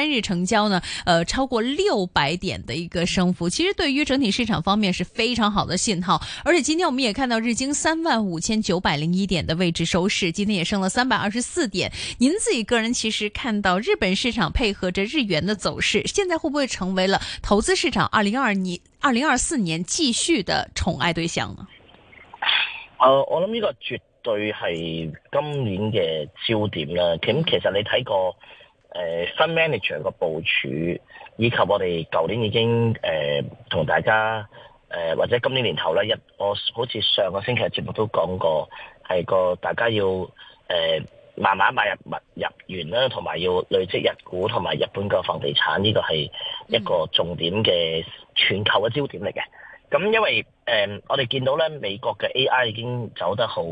單日成交呢，呃，超過六百點的一個升幅，其實對於整體市場方面是非常好的信號。而且今天我們也看到日經三萬五千九百零一點的位置收市，今天也升了三百二十四點。您自己個人其實看到日本市場配合着日元的走勢，現在會不會成為了投資市場二零二年、二零二四年繼續的寵愛對象呢？呃，我諗呢個絕對係今年嘅焦點啦。咁其實你睇過。嗯。誒新 manager 個部署，以及我哋舊年已經誒同、呃、大家誒、呃，或者今年年頭咧，一我好似上個星期嘅節目都講過，係個大家要誒、呃、慢慢買入物入圓啦，同埋要累積日股同埋日本嘅房地產呢，呢個係一個重點嘅全球嘅焦點嚟嘅。咁因為誒、呃、我哋見到咧，美國嘅 AI 已經走得好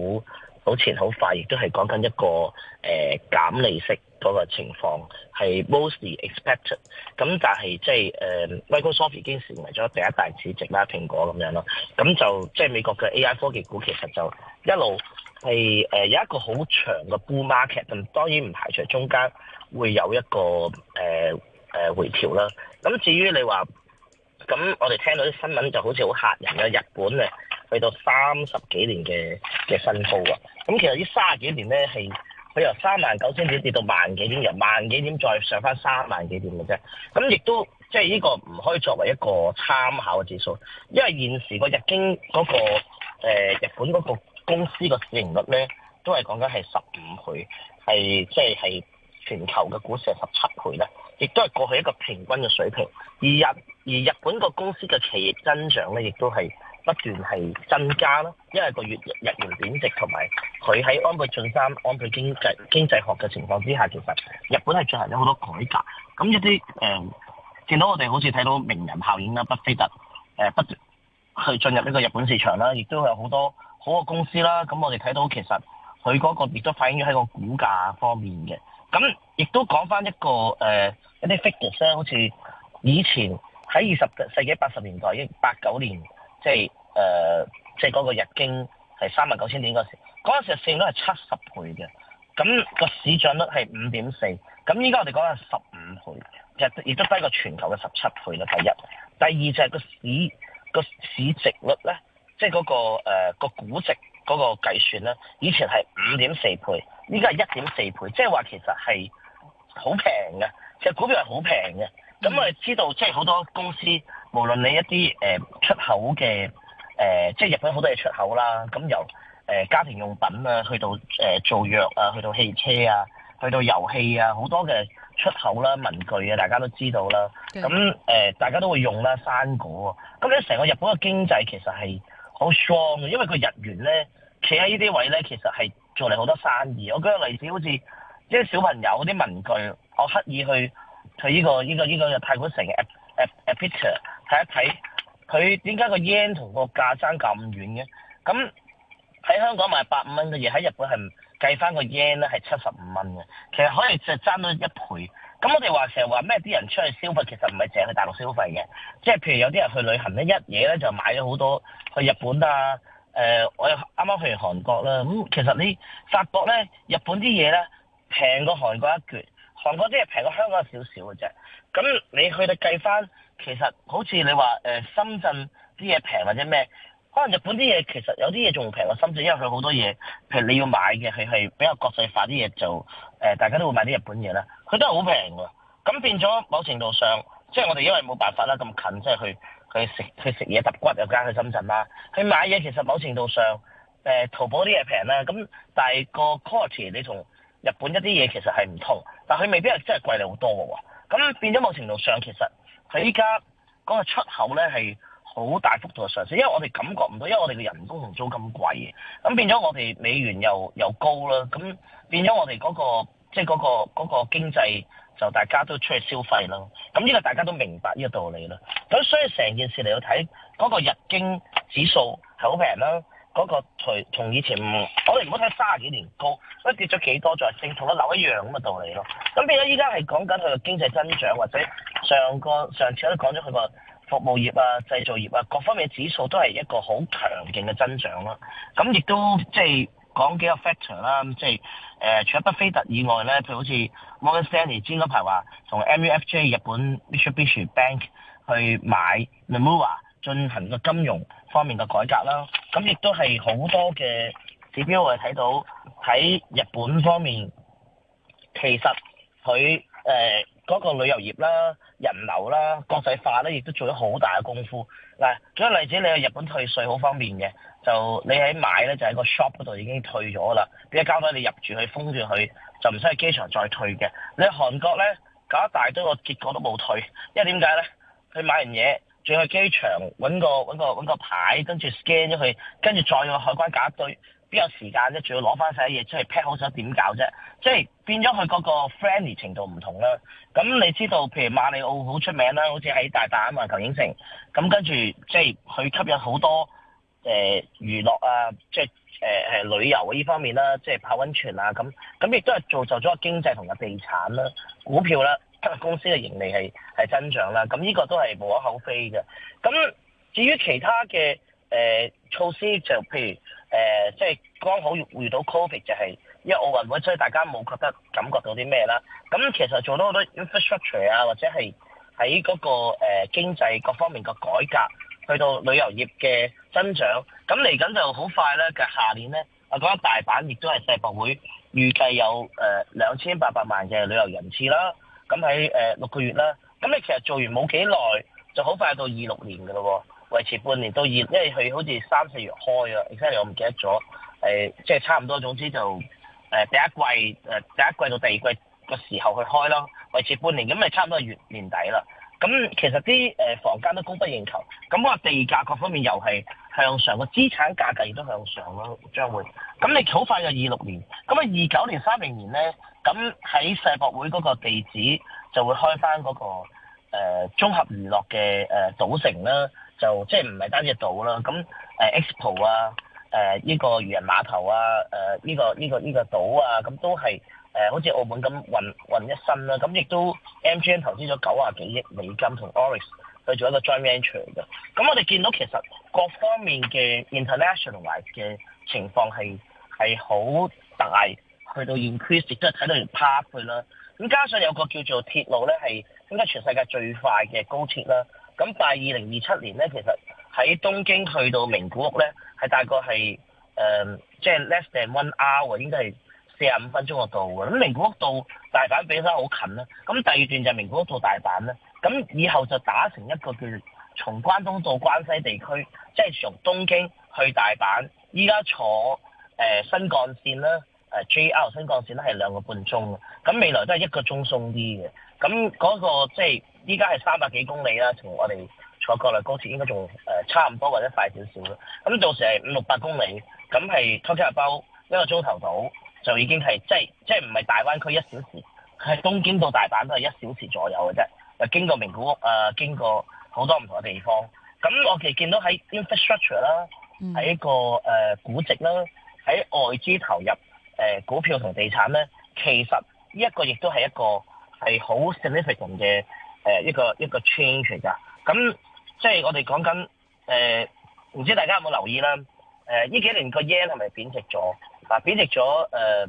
好前好快，亦都係講緊一個誒、呃、減利息。嗰個情況係 mostly expected，咁但係即係、嗯、Microsoft 已經成為咗第一大市值啦，蘋果咁樣啦，咁就即係美國嘅 AI 科技股其實就一路係、呃、有一個好長嘅 bull market，咁當然唔排除中間會有一個、呃呃、回調啦。咁至於你話，咁我哋聽到啲新聞就好似好嚇人嘅，日本誒去到三十幾年嘅嘅新高啊！咁其實呢三十幾年咧係。佢由三萬九千點跌到萬幾點，由萬幾點再上返三萬幾點嘅啫。咁亦都即係呢個唔可以作為一個參考嘅指數，因為現時個日經嗰個，呃，日本嗰個公司嘅市盈率咧，都係講緊係十五倍，係即係係全球嘅股市係十七倍啦，亦都係過去一個平均嘅水平。而日而日本個公司嘅企業增長咧，亦都係。不斷係增加咯，因為個月日元貶值同埋佢喺安倍晉三安倍經濟經濟學嘅情況之下，其實日本係進行咗好多改革。咁一啲誒、見、呃、到我哋好似睇到名人效應啦，巴菲特誒不斷去進入呢個日本市場啦，亦都有好多好嘅公司啦。咁我哋睇到其實佢嗰個亦都反映喺個股價方面嘅。咁亦都講翻一個誒、呃、一啲 figure 咧，好似以前喺二十世紀八十年代，八九年即、就係誒，即係嗰個日經係三萬九千點嗰時，嗰陣時市盈率七十倍嘅，咁個市漲率係五點四，咁依家我哋講係十五倍，亦亦都低過全球嘅十七倍啦。第一，第二就係個市個市值率咧，即係嗰個誒個、呃、估值嗰個計算咧，以前係五點四倍，依家係一點四倍，即係話其實係好平嘅，其、就、係、是、股票係好平嘅。咁我哋知道，即係好多公司，無論你一啲誒、呃、出口嘅。誒、呃，即係日本好多嘢出口啦，咁、嗯、由誒、呃、家庭用品啊，去到誒、呃、做藥啊，去到汽車啊，去到遊戲啊，好多嘅出口啦，文具啊，大家都知道啦。咁誒的、嗯呃，大家都會用啦，山果。咁你成個日本嘅經濟其實係好 strong 嘅，因為佢日元咧，企喺呢啲位咧，其實係做嚟好多生意。我舉個例子好，好似啲小朋友啲文具，我刻意去去呢、這個呢、這個呢、這個太、這個、古城誒 a, a, a picture 睇一睇。佢點解個 yen 同個價爭咁遠嘅？咁喺香港賣八五蚊嘅嘢，喺日本係計翻個 yen 咧係七十五蚊嘅，其實可以就爭到一倍。咁我哋話成日話咩啲人出去消費，其實唔係淨係去大陸消費嘅，即係譬如有啲人去旅行咧，一嘢咧就買咗好多去日本啊，誒、呃、我又我啱啱去完韓國啦，咁、嗯、其實你發覺咧日本啲嘢咧平過韓國一橛，韓國啲嘢平過香港少少嘅啫。咁你去到計翻。其實好似你話誒、呃、深圳啲嘢平或者咩，可能日本啲嘢其實有啲嘢仲平過深圳，因為佢好多嘢譬如你要買嘅，佢係比較國際化啲嘢做，誒、呃、大家都會買啲日本嘢啦，佢都係好平㗎。咁變咗某程度上，即係我哋因為冇辦法啦，咁近即係去去食去食嘢揼骨又加去深圳啦，去買嘢其實某程度上誒、呃、淘寶啲嘢平啦，咁但係個 quality 你同日本一啲嘢其實係唔同，但佢未必係真係貴你好多喎。咁變咗某程度上其實。喺依家嗰個出口咧係好大幅度嘅上升，因為我哋感覺唔到，因為我哋嘅人工同租金貴嘅，咁變咗我哋美元又又高啦，咁變咗我哋嗰個即係嗰個嗰個經濟就大家都出去消費啦，咁呢個大家都明白呢個道理啦，咁所以成件事嚟到睇嗰個日經指數係好平啦。嗰個同以前，我哋唔好睇三十幾年高，所以跌咗幾多再升，同粒樓一樣咁嘅道理囉。咁變咗依家係講緊佢個經濟增長，或者上個、上次都講咗佢個服務業啊、製造業啊各方面指數都係一個好強勁嘅增長咯、啊。咁亦都即係講幾個 factor 啦，即、就、係、是呃、除咗巴菲特以外呢，譬如好似 Morgan Stanley 嗰排話，同 MUFJ 日本 Mitsubishi Bank 去買 Nomura 進行個金融方面嘅改革啦，咁亦都係好多嘅指標，我哋睇到喺日本方面，其實佢誒嗰個旅遊業啦、人流啦、國際化咧，亦都做咗好大嘅功夫。嗱，舉個例子，你去日本退稅好方便嘅，就你喺買咧就喺個 shop 嗰度已經退咗啦，俾家交咗你入住去封住佢，就唔使喺機場再退嘅。你喺韓國咧搞一大堆個結果都冇退，因為點解咧？佢買完嘢。去機場搵個揾個，個牌，跟住 scan 咗佢，跟住再去海關搞一堆，邊有時間咧？仲要攞翻晒啲嘢出嚟 pack 好咗點搞啫？即係變咗佢嗰個 friendly 程度唔同啦。咁你知道，譬如馬里奧好出名啦，好似喺大阪啊、嘛，環球影城，咁跟住即係佢吸引好多誒、呃、娛樂啊，即係誒誒旅遊呢方面啦，即係泡溫泉啊咁，咁亦都係造就咗經濟同埋地產啦、啊、股票啦、啊。公司嘅盈利係係增長啦，咁呢個都係無可厚非嘅。咁至於其他嘅誒、呃、措施，就譬如誒，即係剛好遇到 Covid 就係、是、因為奧運會，所以大家冇覺得感覺到啲咩啦。咁其實做到好多 infrastructure 啊，或者係喺嗰個誒、呃、經濟各方面嘅改革，去到旅遊業嘅增長。咁嚟緊就好快咧嘅下年咧，我覺得大阪亦都係世博會預計有誒兩千八百萬嘅旅遊人次啦。咁喺、嗯呃、六個月啦，咁、嗯、你其實做完冇幾耐，就好快到二六年㗎咯喎，維持半年到二，因為佢好似三四月開啊，而家我唔記得咗、呃，即係差唔多，總之就、呃、第一季、呃、第一季到第二季嘅時候去開咯，維持半年，咁、嗯、咪差唔多係月年底啦。咁、嗯、其實啲、呃、房間都供不應求，咁、嗯、話地價各方面又係。向上個資產價格亦都向上咯，將會。咁你好快就二六年，咁啊二九年，年、三零年咧，咁喺世博會嗰個地址就會開翻嗰、那個誒、呃、綜合娛樂嘅誒賭城啦，就即係唔係單止賭啦，咁誒、呃、Expo 啊，誒、呃、呢、這個漁人碼頭啊，誒、呃、呢、這個呢、這個呢、這個賭啊，咁都係誒、呃、好似澳門咁運運一身啦、啊。咁亦都 MGM 投資咗九啊幾億美金同 Oris 去做一個 Joint Venture 嘅。咁我哋見到其實。各方面嘅 internationalize 嘅情況係係好大，去到 increase，亦都係睇到嚟。part 啦。咁加上有個叫做鐵路咧，係應該全世界最快嘅高鐵啦。咁但係二零二七年咧，其實喺東京去到名古屋咧，係大概係即係 less than one hour，應該係四十五分鐘就到。咁名古屋到大阪比較好近啦。咁第二段就係名古屋到大阪啦。咁以後就打成一個叫。從關東到關西地區，即係從東京去大阪，依家坐誒、呃、新幹線啦誒、呃、J R 新幹線咧係兩個半鐘，咁未來都係一個鐘鬆啲嘅。咁嗰、嗰個即係依家係三百幾公里啦，同我哋坐國內高鐵應該仲誒差唔多或者快少少啦。咁到時係五六百公里，咁係 Tokyo 包一個鐘頭到，就已經係即係即係唔係大灣區一小時？係東京到大阪都係一小時左右嘅啫，又經過名古屋誒、呃，經過。好多唔同嘅地方，咁我其實見到喺 infrastructure 啦，喺一個誒估、呃、值啦，喺外資投入誒、呃、股票同地產咧，其實呢一個亦都係一個係好 significant 嘅誒、呃、一個一個 change 㗎。咁即係我哋講緊誒，唔、呃、知大家有冇留意啦？誒、呃、呢幾年個 yen 係咪貶值咗？啊貶值咗誒、呃，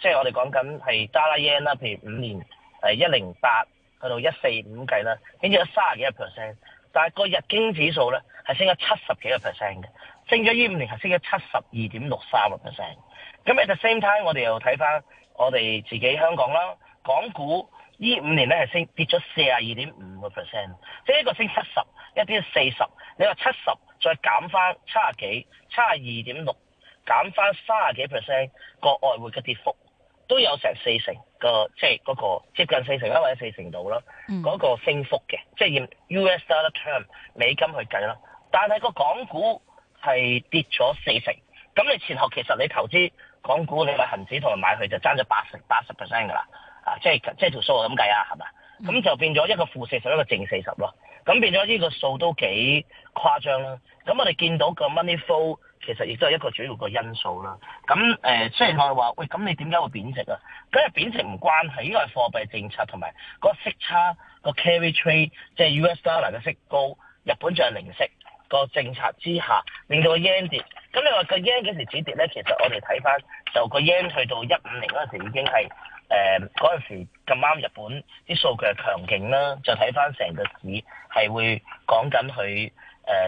即係我哋講緊係 Dollar Yen 啦。譬如五年係一零八。呃去到一四五計啦，跟住有三十幾個 percent，但係個日經指數咧係升咗七十幾個 percent 嘅，升咗呢五年係升咗七十二點六三個 percent。咁 at the same time，我哋又睇翻我哋自己香港啦，港股呢五年咧係升跌咗四十二點五個 percent，即係一個升七十，一跌四十。你話七十再減翻七廿幾，七廿二點六減翻三廿幾 percent，個外匯嘅跌幅。都有成四成個，即係嗰個接近四成啦，或者四成度啦，嗰、嗯、個升幅嘅，即係用 US dollar term 美金去計咯。但係個港股係跌咗四成，咁你前後其實你投資港股，你買恒指同埋買佢就爭咗八成八十 percent 噶啦，啊，即係即係條數係咁計啊，係嘛？咁就變咗一個負四十，40, 一個正四十咯。咁變咗呢個數都幾誇張啦。咁我哋見到個 money flow 其實亦都係一個主要個因素啦。咁誒、呃，雖然我哋話，喂，咁你點解會貶值啊？咁啊貶值唔關係，依個係貨幣政策同埋個息差、個 carry trade，即係 US dollar 嘅息高，日本就係零息、個政策之下，令到個 yen 跌。咁你話個 yen 幾時止跌咧？其實我哋睇翻，就個 yen 去到一五零嗰陣時已經係。誒嗰陣時咁啱日本啲數據係強勁啦，就睇翻成個市係會講緊佢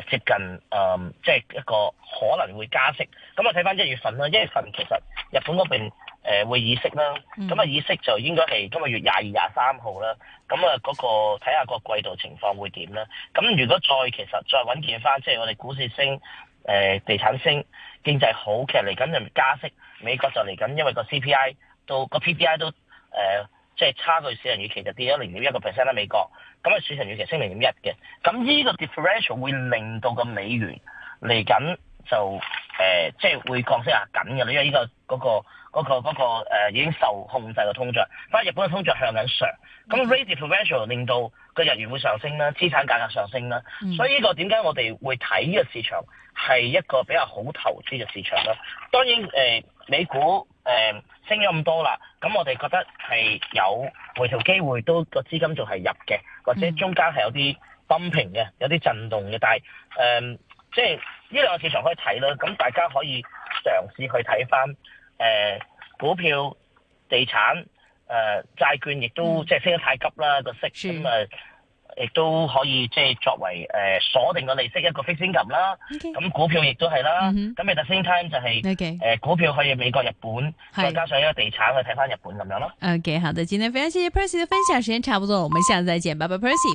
誒接近誒，即、嗯、係、就是、一個可能會加息。咁啊睇翻一月份啦，一月份其實日本嗰邊誒、呃、會議息啦，咁啊議息就應該係今個月廿二廿三號啦。咁啊嗰個睇下個季度情況會點啦。咁如果再其實再穩健翻，即、就、係、是、我哋股市升、誒、呃、地產升、經濟好，其實嚟緊就加息。美國就嚟緊，因為個 CPI。到個 PPI 都誒、呃，即係差距市場預期就跌咗零點一個 percent 啦，美國，咁啊市場預期升零點一嘅，咁呢個 differential 會令到個美元嚟緊就誒、呃，即係會降息下緊嘅，因為呢個嗰個嗰個嗰個呃、已經受控制嘅通脹，反而日本嘅通脹向緊上，咁 rate、嗯 differential 令到個日元會上升啦，資產價格上升啦，嗯、所以呢個點解我哋會睇呢個市場係一個比較好投資嘅市場咯，當然誒美股。呃誒、嗯，升咗咁多啦，咁我哋覺得係有回調機會都，都個資金仲係入嘅，或者中間係有啲崩平嘅，有啲震動嘅，但係誒、嗯，即係呢兩個市場可以睇啦，咁大家可以嘗試去睇翻誒，股票、地產、誒、呃、債券，亦都、嗯、即係升得太急啦、個息，咁啊。亦都可以即係作為誒、呃、鎖定個利息一個 fixing rate 啦，咁 Okay. 股票亦都係啦，咁你、mm hmm. the same time 就係、是、誒 Okay.、呃、股票可以美國日本，Okay. 再加上一個地產去睇翻日本咁樣咯。OK，好的，的今天非常謝謝 Percy 的分享，時間差不多，我們下次再見，拜拜，Percy。